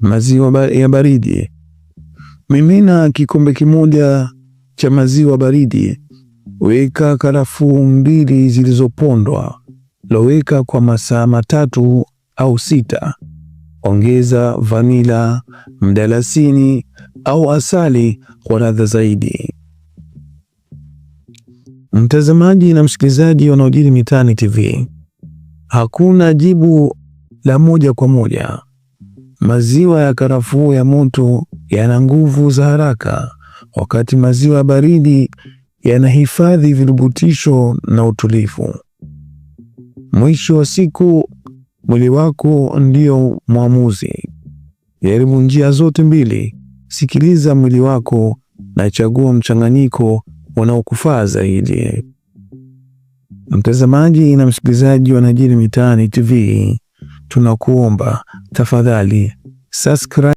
maziwa ya baridi. Mimina kikombe kimoja cha maziwa baridi, weka karafuu mbili zilizopondwa, loweka kwa masaa matatu au sita. Ongeza vanila, mdalasini au asali kwa ladha zaidi. Mtazamaji na msikilizaji yanayojiri mitaani TV, hakuna jibu la moja kwa moja. Maziwa ya karafuu ya moto yana nguvu za haraka, wakati maziwa ya baridi yanahifadhi virubutisho na utulivu. Mwisho wa siku, mwili wako ndio mwamuzi. Jaribu njia zote mbili, sikiliza mwili wako na chagua mchanganyiko unaokufaa zaidi. Mtazamaji na msikilizaji wa Yanayojiri Mitaani TV tunakuomba tafadhali subscribe.